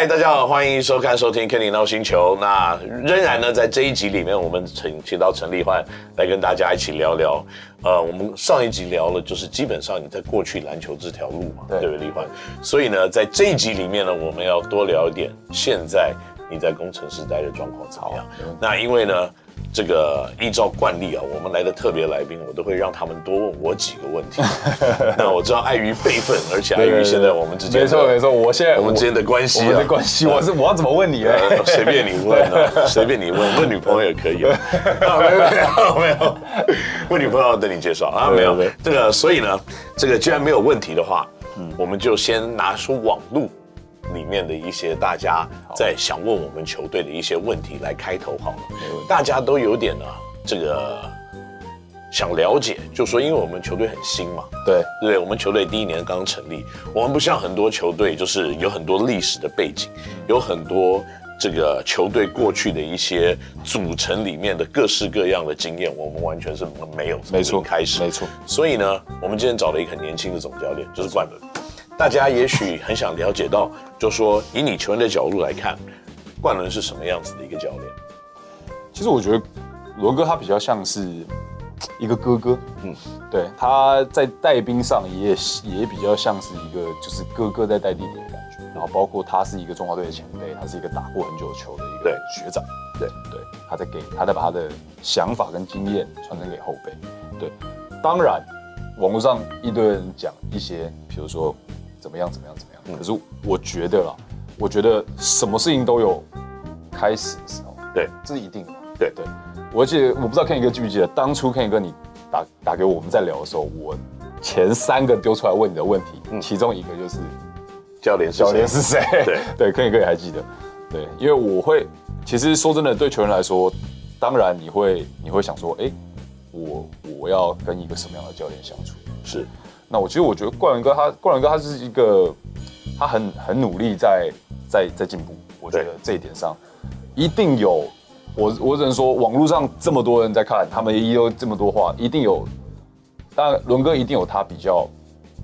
Hi, 大家好，歡迎收看、收聽《肯尼 NOW 星球》那。那仍然呢，在這一集裡面，我們請請到成力煥來跟大家一起聊聊。呃，我們上一集聊了，就是基本上你在過去籃球這條路嘛，對，對不對，力煥？所以呢，在這一集裡面呢，我們要多聊一點現在你在攻城獅待的狀況怎麼樣？那因為呢。這個依照慣例啊，我們來的特別來賓，我都會讓他們多問我幾個問題。 那我知道礙於輩分，而且礙於現在我們之間的 對對對對對，沒錯沒錯，我現在我們，我們之間的關係啊，我我的關係， 我是我要怎麼問你啊、 呃？隨便你問、啊、隨便你問，問女朋友也可以、啊 啊、沒有沒有，沒有，問女朋友要等你介紹啊，沒有沒有， 這個所以呢，這個既然沒有問題的話， 我們就先拿出網路面的一些大家在想問我們球隊的一些問題來開頭好了，大家都有點呢、啊，這個想了解，就說因為我們球隊很新嘛，對對，我們球隊第一年剛剛成立，我們不像很多球隊就是有很多歷史的背景，有很多這個球隊過去的一些組成裡面的各式各樣的經驗，我們完全是沒有，沒錯，開始，沒錯，所以呢，我們今天找了一個很年輕的總教練，就是冠綸。大家也許很想了解到，就說以你球員的角度來看，冠倫是什麼樣子的一個教練？其實我覺得羅哥他比較像是一個哥哥，嗯，對，他在帶兵上也也比較像是一個就是哥哥在帶弟弟的感覺。然後包括他是一個中華隊的前輩，他是一個打過很久球的一個學長，對對，對，他在給他在把他的想法跟經驗傳承給後輩。對，當然網絡上一堆人講一些，比如說。怎麼樣？怎麼樣？怎麼樣？嗯、可是我覺得啦，我覺得什麼事情都有開始的時候，對，這是一定的。對對，我記得，我不知道肯尼哥記不記得。當初肯尼哥你打打給我，我們在聊的時候，我前三個丟出來問你的問題，嗯、其中一個就是教練，教練、嗯就是誰？ 對對，肯尼哥也還記得。對，因為我會，其實說真的，對球員來說，當然你會你會想說，哎、欸，我我要跟一個什麼樣的教練相處？是。那我其實我覺得冠倫哥他冠倫哥他是一個，他很很努力在在在進步，我覺得這一點上一定有我，我我只能說網絡上這麼多人在看，他們也有這麼多話，一定有，當然倫哥一定有他比較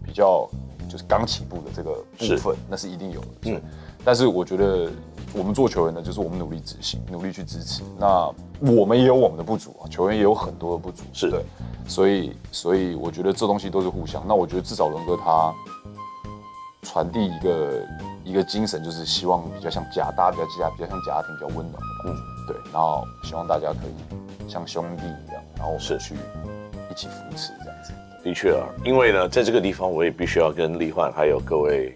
比較就是剛起步的這個部分，是那是一定有的。是、嗯。但是我覺得我們做球員的，就是我們努力執行，努力去支持。那我們也有我們的不足啊，球員也有很多的不足，是的，所以所以我覺得這東西都是互相。那我覺得至少倫哥他傳遞一個一個精神，就是希望比較像家，大家比較家比較像家庭，比較溫暖。嗯，對。然後希望大家可以像兄弟一樣，然後社區一起扶持這樣子。的確啊，因為呢，在這個地方我也必須要跟力煥還有各位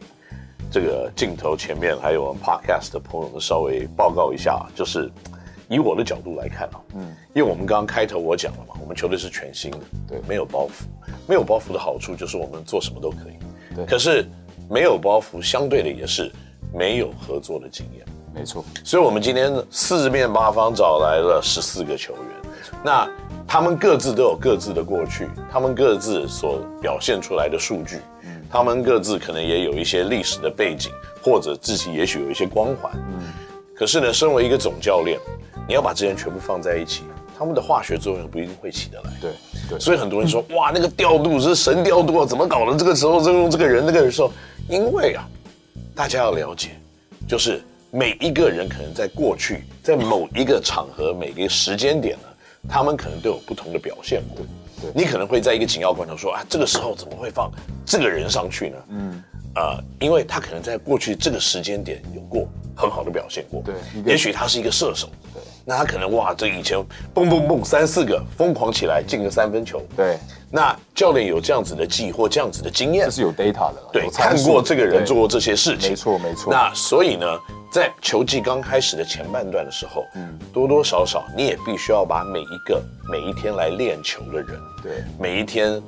這個鏡頭前面還有我們 Podcast 的朋友們稍微報告一下，就是。以我的角度來看啊，嗯，因為我們剛剛開頭我講了嘛，我們球隊是全新的，對，沒有包袱，沒有包袱的好處就是我們做什麼都可以，對。可是沒有包袱，相對的也是沒有合作的經驗，沒錯。所以，我們今天四面八方找來了十四個球員，那他們各自都有各自的過去，他們各自所表現出來的數據，嗯，他們各自可能也有一些歷史的背景，或者自己也許有一些光環，嗯。可是呢，身為一個總教練。你要把這些人全部放在一起，他們的化學作用不一定會起得來。對對，所以很多人說：“嗯、哇，那個調度是神調度啊！”怎麼搞的？這個時候在用這個人，那、這個人說、這個，因為啊，大家要了解，就是每一個人可能在過去，在某一個場合、每一個時間點呢，他們可能都有不同的表現過。對對，你可能會在一個緊要關頭說啊，這個時候怎麼會放這個人上去呢？嗯，呃，因為他可能在過去這個時間點有過很好的表現過對。對，也許他是一個射手。那他可能哇，這以前蹦蹦蹦三四個瘋狂起來進個三分球。對，那教練有這樣子的技或這樣子的經驗，這是有 data 的啊。對，看過這個人做過這些事情。沒錯，沒錯。那所以呢，在球季剛開始的前半段的時候，嗯，多多少少你也必須要把每一個每一天來練球的人，對，每一天，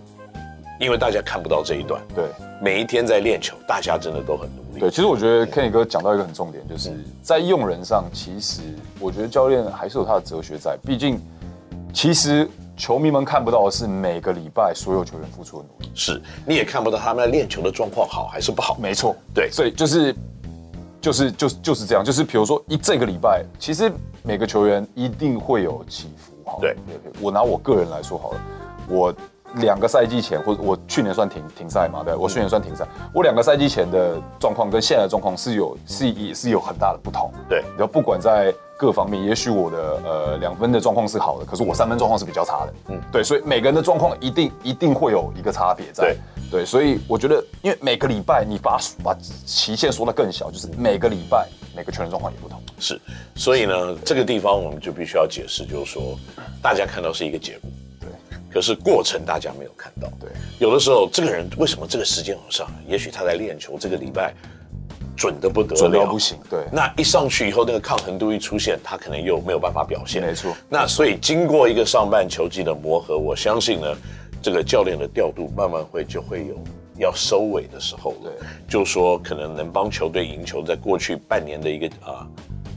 因為大家看不到這一段，對，每一天在練球，大家真的都很。對，其實我覺得 Kenny 哥講到一個很重點，就是在用人上，其實我覺得教練還是有他的哲學在。畢竟，其實球迷們看不到的是每個禮拜所有球員付出的努力，是你也看不到他們在練球的狀況好還是不好。沒錯，對，所以就是就是就是、就是這樣，就是比如說一這個禮拜，其實每個球員一定會有起伏哈。對，我拿我個人來說好了，我。兩個賽季前，或者我去年算停停賽嘛？對，我去年算停賽、嗯。我兩個賽季前的狀況跟現在的狀況是有、嗯、是也是有很大的不同。對，然後不管在各方面，也許我的呃兩分的狀況是好的，可是我三分狀況是比較差的。嗯，對，所以每個人的狀況一定一定會有一個差別在。對，對所以我覺得，因為每個禮拜你把把期限縮得更小，就是每個禮拜每個球員狀況也不同。是，所以呢，這個地方我們就必須要解釋，就是說大家看到是一個結果。可是過程大家沒有看到，對。有的時候這個人為什麼這個時間很上？也許他在練球，這個禮拜準的不得了，準到不行。對。那一上去以後，那個抗衡度一出現，他可能又沒有辦法表現。沒錯。那所以經過一個上半球季的磨合，我相信呢，這個教練的調度慢慢會就會有要收尾的時候。對。就說可能能幫球隊贏球，在過去半年的一個啊。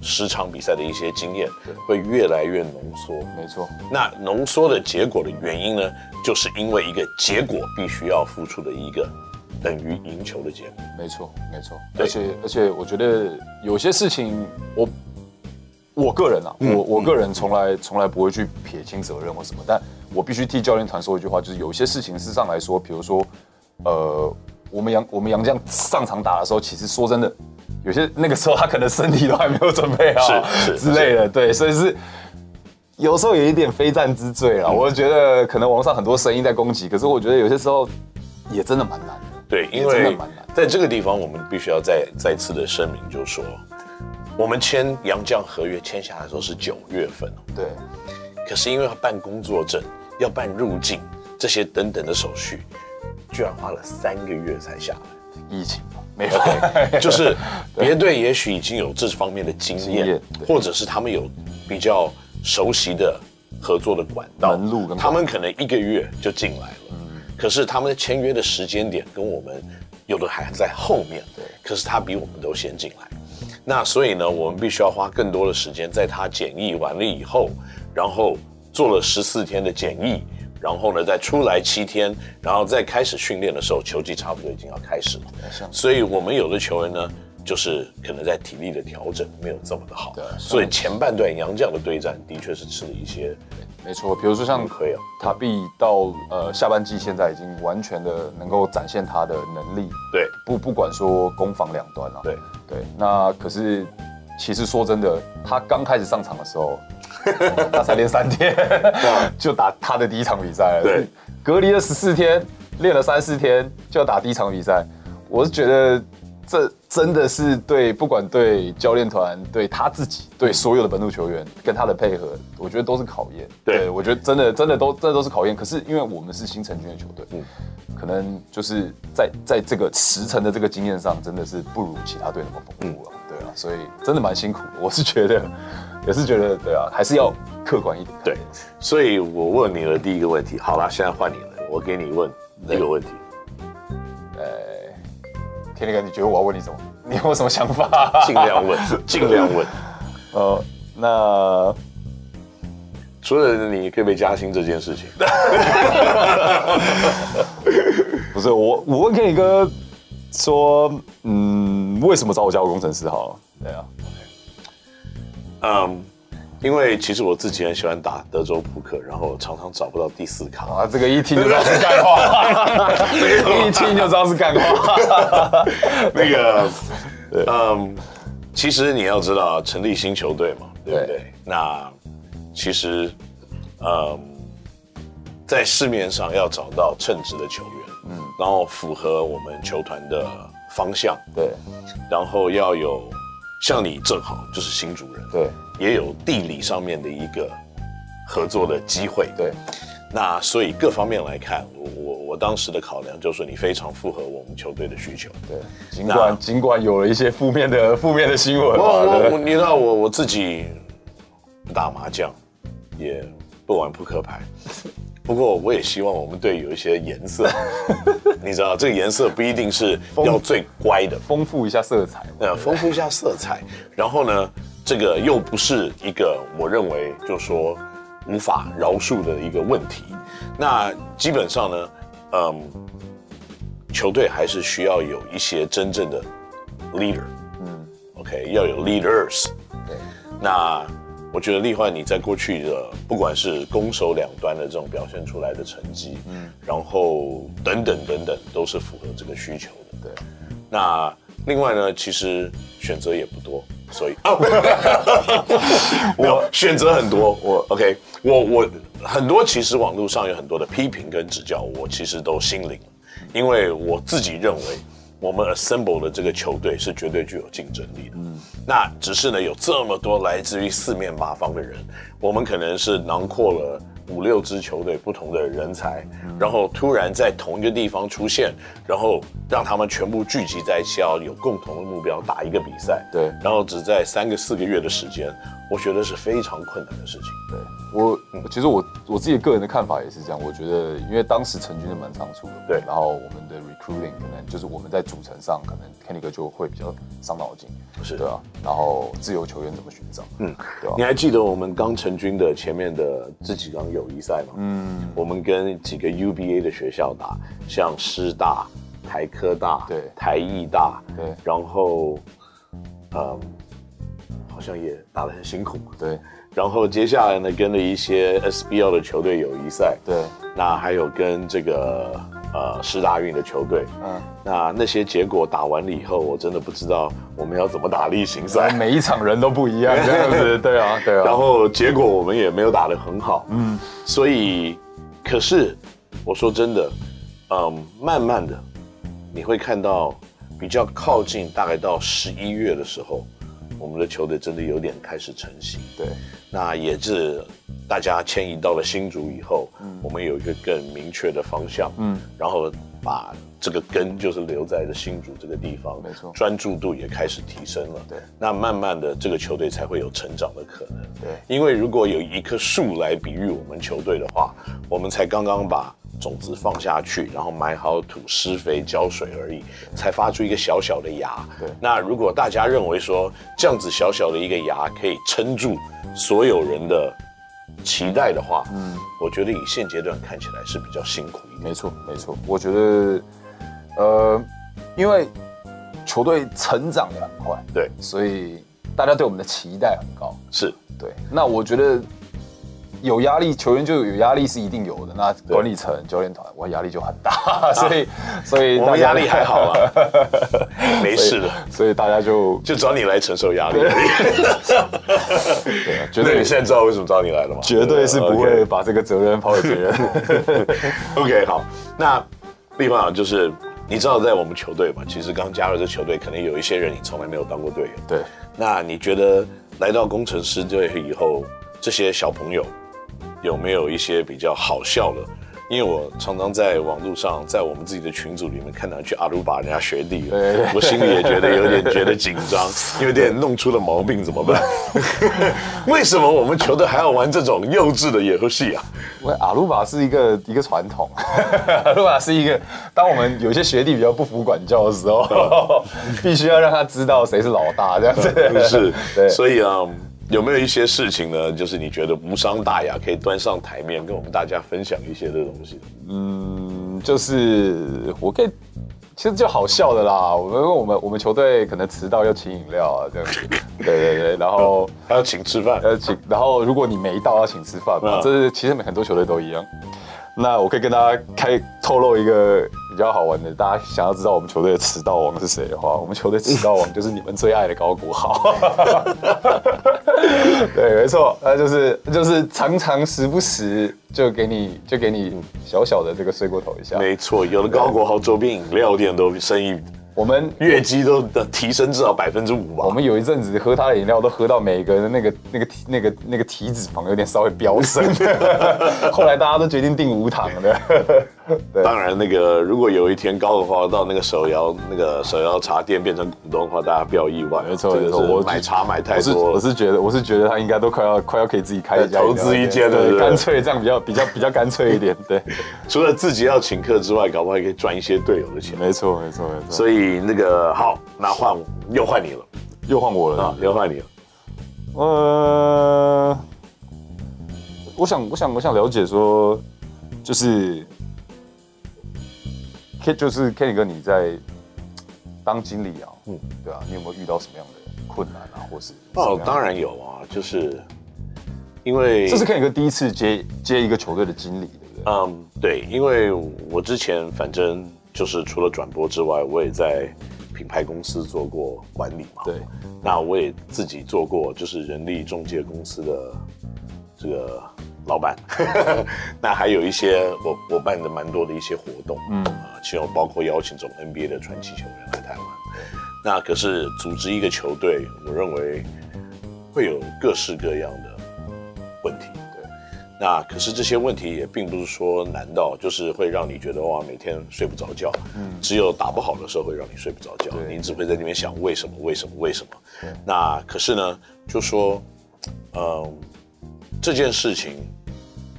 十場比賽的一些經驗會越來越濃縮。對，沒錯，那濃縮的結果的原因呢，就是因為一個結果必須要付出的一個等於贏球的結果。沒錯，沒錯。而且而且，我覺得有些事情我，我我個人啊，嗯、我我個人從來、嗯、從來不會去撇清責任或什麼，但我必須替教練團說一句話，就是有些事情事實上來說，比如說，呃，我們洋我們洋將上場打的時候，其實說真的，有些那個時候他可能身體都還沒有準備好之類的，對，所以是有時候有一點非戰之罪啊、嗯，我覺得可能網上很多聲音在攻擊、嗯，可是我覺得有些時候也真的蠻難的。對，也真的蠻難的，因為在這個地方我們必須要再再次的聲明，就是說我們簽洋將合約簽下來的時候是九月份，對，可是因為要辦工作證、要辦入境這些等等的手續，居然花了三個月才下來，疫情。沒錯，就是別隊也許已經有這方面的經驗，或者是他們有比較熟悉的合作的管道，管道他們可能一個月就進來了。嗯，可是他們的簽約的時間點跟我們有的還在後面，對，可是他比我們都先進來。那所以呢，我們必須要花更多的時間，在他檢疫完了以後，然後做了十四天的檢疫。然後呢，在出來七天，然後再開始訓練的時候，球技差不多已經要開始了。啊、所以，我們有的球員呢，就是可能在體力的調整沒有這麼的好。對、啊。所以前半段洋將的對戰的確是吃了一些。沒錯，比如說像烏黑，他畢到呃下半季現在已經完全的能夠展現他的能力。對。不不管說攻防兩端啊。對。對。那可是，其實說真的，他剛開始上場的時候。他、 哦、才練三天， 就打他的第一場比賽。對，隔離了十四天，練了三四天，就要打第一場比賽。我是覺得這真的是對，不管對教練團，對他自己，對所有的本土球員跟他的配合，我覺得都是考驗。對，對我覺得真的真的都這都是考驗。可是因為我們是新成軍的球隊，嗯，可能就是在在這個時程的這個經驗上，真的是不如其他隊那麼豐富了、啊嗯。對啊，所以真的蠻辛苦，我是覺得。也是覺得對啊，對，還是要客觀一點。對，所以我問你了第一個問題，好了，現在換你了，我給你問一個問題。哎，肯尼哥，你覺得我要問你什麼？你有沒有什麼想法？盡量問，盡量問。 呃，那除了你可不可以加薪這件事情， 不是我，我問肯尼哥說，嗯，為什麼找我加入攻城獅好了？好對啊。嗯，因為其實我自己很喜歡打德州撲克，然後常常找不到第四卡。啊，這個一聽就知道是幹話， 一聽就知道是幹話。 那個對，嗯，其實你要知道啊、嗯，成立新球隊嘛，對不對？對那其實，嗯，在市面上要找到稱職的球員，嗯，然後符合我們球團的方向，對、嗯，然後要有。像你正好就是新竹人，對，也有地理上面的一個合作的機會，對。那所以各方面來看，我我我當時的考量就是你非常符合我們球隊的需求，對。儘管儘管有了一些負面的負面的新聞，我,我你知道，我我自己不打麻將，也不玩撲克牌。 不過，我也希望我們隊有一些顏色， 你知道，這個顏色不一定是要最乖的，豐富一下色彩。那豐富一下色彩，然後呢，這個又不是一個我認為就是說無法饒恕的一個問題。那基本上呢，嗯，球隊還是需要有一些真正的 leader，嗯，OK，要有 leaders。嗯、對，那。我覺得力煥，你在過去的不管是攻守兩端的這種表現出來的成績，嗯，然後等等等等，都是符合這個需求的。對，那另外呢，其實選擇也不多，所以、啊、 我選擇很多。我，我 OK，我我很多，其實網路上有很多的批評跟指教，我其實都心領，因為我自己認為。我們 assemble 的這個球隊是絕對具有競爭力的。嗯，那只是呢，有這麼多來自於四面八方的人，我們可能是囊括了五六支球隊不同的人才，嗯，然後突然在同一個地方出現，然後讓他們全部聚集在一起，要有共同的目標，打一個比賽。對，然後只在三個四個月的時間。我覺得是非常困難的事情。對，我、嗯、其實我我自己個人的看法也是這樣。我覺得，因為當時成軍是蠻倉促的，對。然後我們的 recruiting 可能就是我們在組成上，可能 Kenny 哥就會比較傷腦筋，是？對吧、啊？然後自由球員怎麼尋找？嗯，對吧、啊？你還記得我們剛成軍的前面的這幾場友誼賽嗎？嗯，我們跟幾個 UBA 的學校打，像師大、台科大、對，台藝大，對，然後，嗯、呃。好像也打得很辛苦、啊，對。然後接下來呢，跟了一些 SBL 的球隊友誼賽，對。那還有跟這個呃世大運的球隊，嗯。那那些結果打完了以後，我真的不知道我們要怎麼打例行賽、嗯，每一場人都不一樣，是不是？對啊，對啊。然後結果我們也沒有打得很好，嗯。所以，可是我說真的，嗯、呃，慢慢的你會看到，比較靠近大概到十一月的時候。我們的球隊真的有點開始成型，對。那也是大家遷移到了新竹以後，嗯，我們有一個更明確的方向，嗯，然後把這個根就是留在了新竹這個地方，沒錯。專注度也開始提升了，對。那慢慢的這個球隊才會有成長的可能，對。因為如果有一棵樹來比喻我們球隊的話，我們才剛剛把。種子放下去，然後埋好土、施肥、澆水而已，才發出一個小小的芽。對，那如果大家認為說這樣子小小的一個芽可以撐住所有人的期待的話，嗯，我覺得以現階段看起來是比較辛苦一點。沒錯，沒錯。我覺得，呃，因為球隊成長的很快，對，所以大家對我們的期待很高。是，對。那我覺得。有壓力，球員就有壓力是一定有的。那管理層、教練團，我壓力就很大，啊、所以所以我壓力還好啊， 沒事的。所以,所以大家就就找你來承受壓力對對 對。絕對，你現在知道為什麼找你來了嗎？絕對是不會把這個責任拋給別人。 OK，好。那另外啊，地方就是你知道在我們球隊嘛，其實剛加入這球隊，可能有一些人你從來沒有當過隊員。對。那你覺得來到攻城獅隊以後，這些小朋友？有沒有一些比較好笑的？因為我常常在網路上，在我們自己的群組裡面看到去阿魯巴人家學弟，對對對對，我心裡也覺得有點覺得緊張，對對對對，有點弄出了毛病怎麼辦？對對對對 為什麼我們球隊還要玩這種幼稚的遊戲啊？喂，阿魯巴是一個一個傳統， 阿魯巴是一個，當我們有些學弟比較不服管教的時候， 必須要讓他知道誰是老大，這樣子。不是，所以啊。有沒有一些事情呢？就是你覺得無傷大雅，可以端上台面跟我們大家分享一些的東西？嗯，就是我可以，其實就好笑的啦。我們我們我們球隊可能遲到要請飲料啊，這樣子。 對對對，然後還、啊、要請吃飯，要請。然後如果你沒到要請吃飯嘛， 這是其實很多球隊都一樣。那我可以跟大家開透露一個。比較好玩的，大家想要知道我們球隊的遲到王是誰的話，我們球隊遲到王就是你們最愛的高國豪。 對，沒錯，那就是就是常常時不時就給你就給你小小的這個睡過頭一下。沒錯，有的高國豪周邊飲料店都生意，我們月基都的提升至少百分之五吧。我們有一陣子喝他的飲料都喝到每個人那個那個那個、那個、那個體脂肪有點稍微飆升， 後來大家都決定定無糖的。 當然，那個如果有一天高的話，到那個手搖那個手搖茶店變成股東的話，大家不要意外。沒錯，沒錯。我買茶買太多。我是我是覺得，我是覺得他應該都快要快要可以自己開一家一條，對，投資一間了，乾脆這樣比較比較比較乾脆一點。對， 除了自己要請客之外，搞不好也可以賺一些隊友的錢。沒錯，沒錯，沒錯。所以那個好，那換又換你了，又換我了，啊，又換你了。呃，我想，我想，我想了解說，就是。K 就是 Kenny 哥，你在當經理啊？嗯，對啊，你有沒有遇到什麼樣的困難啊？或是？哦，當然有啊，就是因為這是 Kenny 哥第一次接接一個球隊的經理，對不對？嗯，對，因為我之前反正就是除了轉播之外，我也在品牌公司做過管理嘛。對，那我也自己做過，就是人力仲介公司的這個。老闆， 那還有一些我我辦的蠻多的一些活動，嗯啊，其中包括邀請這種 NBA 的傳奇球員來台灣，嗯。那可是組織一個球隊，我認為會有各式各樣的問題。對，那可是這些問題也並不是說難道就是會讓你覺得哇，每天睡不着覺，嗯，只有打不好的時候會讓你睡不着覺，你只會在那邊想為什麼為什麼為什麼。那可是呢就說，嗯、呃。這件事情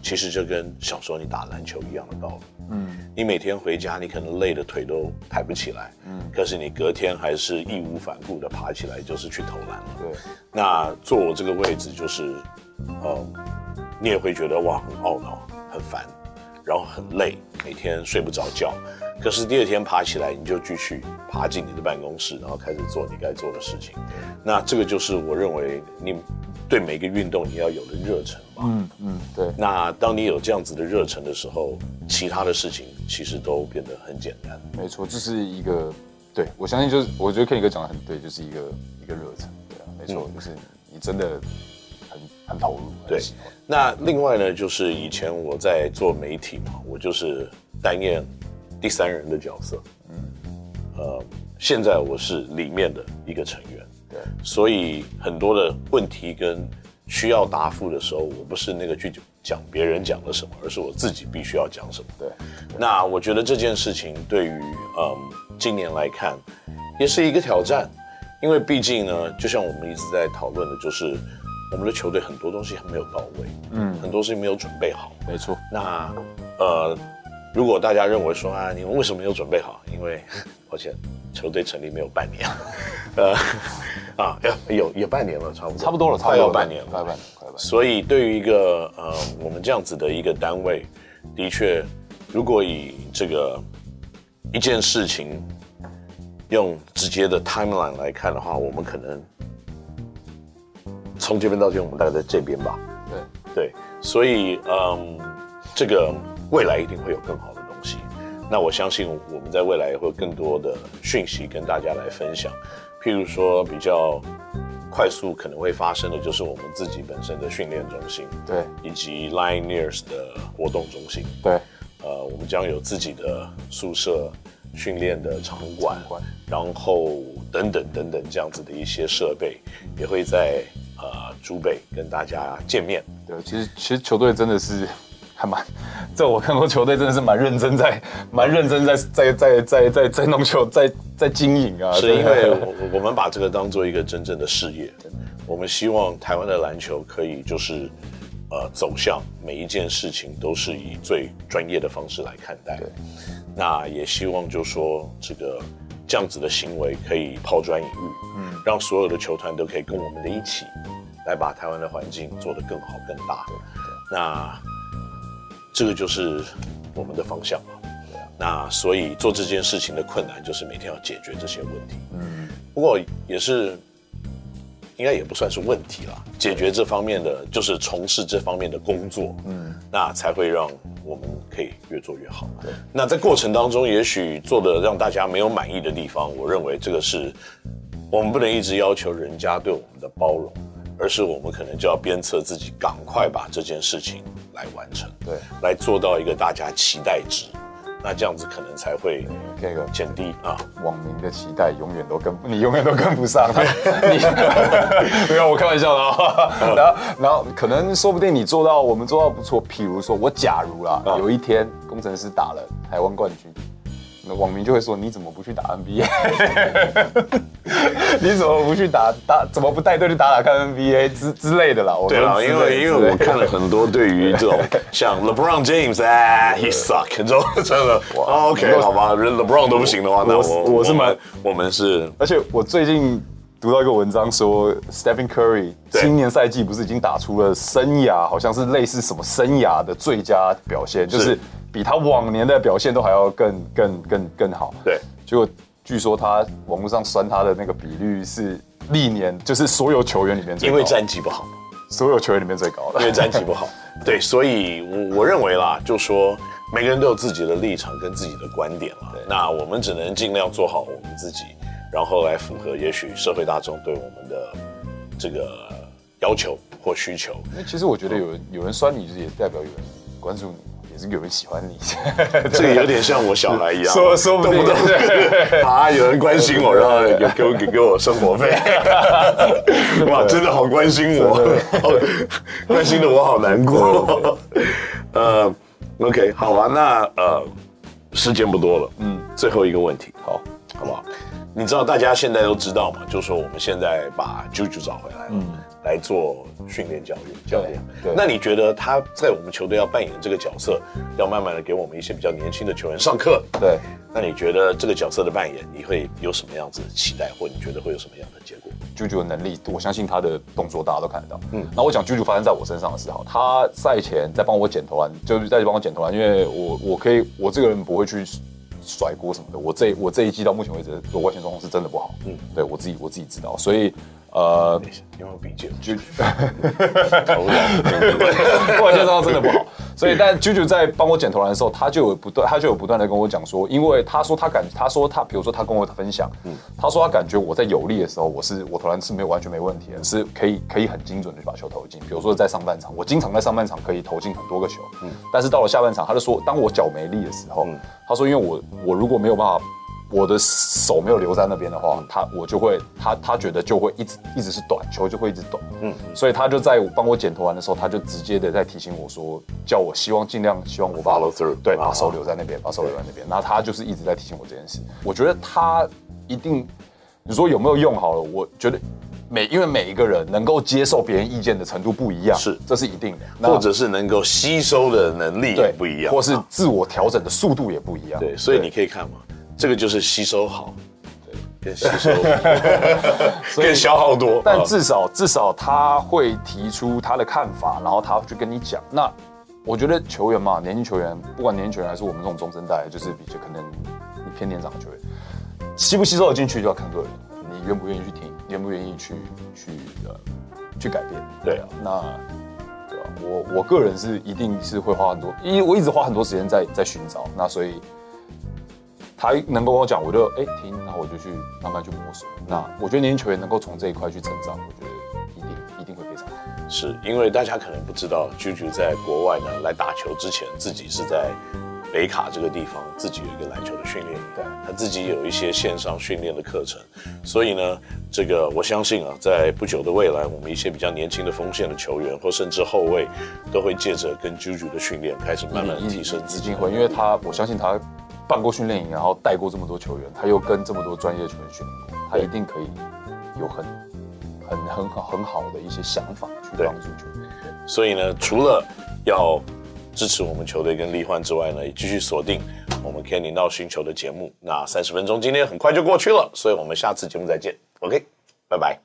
其實就跟小時候你打籃球一樣的道理。嗯，你每天回家，你可能累得腿都抬不起來。嗯，可是你隔天還是義無反顧地爬起來，就是去投籃了。對。那坐我這個位置，就是，呃，你也會覺得哇，很懊惱、很煩，然後很累，每天睡不着覺。可是第二天爬起來，你就繼續爬進你的辦公室，然後開始做你該做的事情。那這個就是我認為你。對每個運動，你要有的熱忱嘛，嗯嗯，對。那當你有這樣子的熱忱的時候，其他的事情其實都變得很簡單。嗯、沒錯，這、就是一個，對我相信就是，我覺得 Kenny 哥講的很對，就是一個一個熱忱，對啊，沒錯，嗯、就是你真的很、嗯、很投入。對、嗯，那另外呢，就是以前我在做媒體嘛，我就是擔任第三人的角色，嗯、呃，現在我是裡面的一個成員。對，所以很多的問題跟需要答覆的時候，我不是那個去講別人講了什麼，而是我自己必須要講什麼。對，對。那我覺得這件事情對於嗯今年來看，也是一個挑戰，因為畢竟呢，就像我們一直在討論的，就是我們的球隊很多東西還沒有到位，嗯，很多事情沒有準備好。沒錯。那呃，如果大家認為說啊，你們為什麼沒有準備好？因為。而且球隊成立沒有半年， 呃， 啊，有有半年了，差不多，差不多了，差不多半年了，快半年，快半年了。所以對於一個呃我們這樣子的一個單位，的確，如果以這個一件事情用直接的 timeline 來看的話，我們可能從這邊到這邊，我們大概在這邊吧。對對，所以嗯、呃，這個未來一定會有更好的。那我相信我們在未來會更多的訊息跟大家來分享，譬如說比較快速可能會發生的，就是我們自己本身的訓練中心，對，以及 Lioneers 的活動中心，對，呃，我們將有自己的宿舍、訓練的場館，然後等等等等這樣子的一些設備，也會在呃竹北跟大家見面。對，其實其實球隊真的是。還蠻，這我看過球隊真的是蠻認真，在蠻認真在認真在在在在，在，在弄球，在在經營啊。是因為、啊、我，我們把這個當做一個真正的事業，我們希望台灣的籃球可以就是呃走向每一件事情都是以最專業的方式來看待。那也希望就說這個這樣子的行為可以拋磚引玉，嗯，讓所有的球團都可以跟我們的一起來把台灣的環境做得更好更大。對對那。這個就是我們的方向嘛。那所以做這件事情的困難就是每天要解決這些問題。嗯，不過也是應該也不算是問題啦。解決這方面的就是從事這方面的工作。嗯，那才會讓我們可以越做越好。那在過程當中，也許做的讓大家沒有滿意的地方，我認為這個是我們不能一直要求人家對我們的包容。而是我們可能就要鞭策自己，趕快把這件事情來完成，對，來做到一個大家期待值，那這樣子可能才會那個減低 okay, okay. 啊，網民的期待永遠都跟你永遠都跟不上，對、 啊，你沒有 我開玩笑的啊、哦， 然後可能說不定你做到我們做到不錯，譬如說我假如啦，啊、有一天工程師打了台灣冠軍。網民就會說：“你怎麼不去打 NBA？ 你怎麼不去打打？怎麼不帶隊去打打看 NBA 之之類的啦？”對哦、我覺得因為因為我看了很多對於這種 像 LeBron James 啊、哎、 he suck 這種這真的。哦、OK，、嗯、好吧我，人 LeBron 都不行的話，我那我我是蠻我，我們是。而且我最近讀到一個文章說，Stephen Curry 今年賽季不是已經打出了生涯，好像是類似什麼生涯的最佳表現，就是，是。比他往年的表現都還要更更更更好。對，結果據說他網絡上酸他的那個比率是歷年就是所有球員裡面最高，因為戰績不好，所有球員裡面最高的。因為戰績不好， 對，所以我我認為啦，就說每個人都有自己的立場跟自己的觀點嘛。那我們只能盡量做好我們自己，然後來符合也許社會大眾對我們的這個要求或需求。那其實我覺得有有人酸你，就是也代表有人關注你。也是有人喜歡你， 這個有點像我小孩一樣， 說說不定動不動，對啊對，有人關心我，然後有給我給給給我生活費，哇，真的好關心我，關心的我好難過。呃，OK，好吧，啊，那呃，時間不多了，嗯，最後一個問題，好，好不好？你知道大家現在都知道嘛？就是說我們現在把朱朱找回來嗯，來做訓練、教育、嗯、教練。對，那你覺得他在我們球隊要扮演這個角色、嗯，要慢慢的給我們一些比較年輕的球員上課。對，那你覺得這個角色的扮演，你會有什麼樣子的期待，或你覺得會有什麼樣的結果？朱朱的能力，我相信他的動作大家都看得到。嗯，那我講朱朱發生在我身上的時候，他賽前在幫我剪頭髮，就是在幫我剪頭髮，因為我我可以，我這個人不會去。甩鍋什麼的，我這我這一季到目前為止，我外線狀況是真的不好。嗯，對，我自己我自己知道，所以。呃，因為我比較 j u j u 投籃，突然介紹真的不好。所以，但 Juju 在幫我剪投籃的時候，他就有不，他就有不斷的跟我講說，因為他說他感，他說他，比如說他跟我分享，嗯，他說他感覺我在有力的時候，我是我投籃是沒有完全沒問題的，嗯，是可以可以很精準的把球投進。比如說在上半場，我經常在上半場可以投進很多個球，嗯，但是到了下半場，他就說，當我腳沒力的時候，嗯，他說，因為我我如果沒有辦法。我的手沒有留在那邊的話，他我就會他他覺得就會一直一直是短球，就會一直短。嗯，所以他就在幫我，我剪投完的時候，他就直接的在提醒我說，叫我希望儘量希望我把 follow through，對把，對，把手留在那邊，把手留在那邊。然後他就是一直在提醒我這件事。我覺得他一定你說有沒有用好了？我覺得每因為每一個人能夠接受別人意見的程度不一樣，是這是一定的。或者是能夠吸收的能力也不一樣，啊，或是自我調整的速度也不一樣。對，所以你可以看嘛。這個就是吸收好，對，更吸收，更 消耗多。但至少至少他會提出他的看法，然後他會去跟你講。那我覺得球員嘛，年輕球員，不管年輕球員還是我們這種中生代，就是比較可能你，你偏年長的球員，吸不吸收進去就要看個人，你願不願意去聽，願不願意去去去、呃、去改變。對啊，對那對啊，我我個人是一定是會花很多，因為我一直花很多時間在在尋找。那所以。他能跟我講，我就哎聽，然後我就去慢慢去摸索。那我覺得年輕球員能夠從這一塊去成長，我覺得一定一定會非常好。是因為大家可能不知道，Juju 在國外呢，來打球之前自己是在北卡這個地方，自己有一個籃球的訓練營，他自己有一些線上訓練的課程。所以呢，這個我相信啊，在不久的未來，我們一些比較年輕的鋒線的球員，或甚至後衛，都會借着跟 Juju 的訓練開始慢慢提升自己，會因為他，我相信他。辦過訓練營，然後帶過這麼多球員，他又跟這麼多專業球員訓練過，他一定可以有很、很、很好、很好的一些想法去幫助球員。所以呢，除了要支持我們球隊跟力煥之外呢，也繼續鎖定我們 Kenny NOW 星球的節目。那三十分鐘今天很快就過去了，所以我們下次節目再見。OK，拜拜。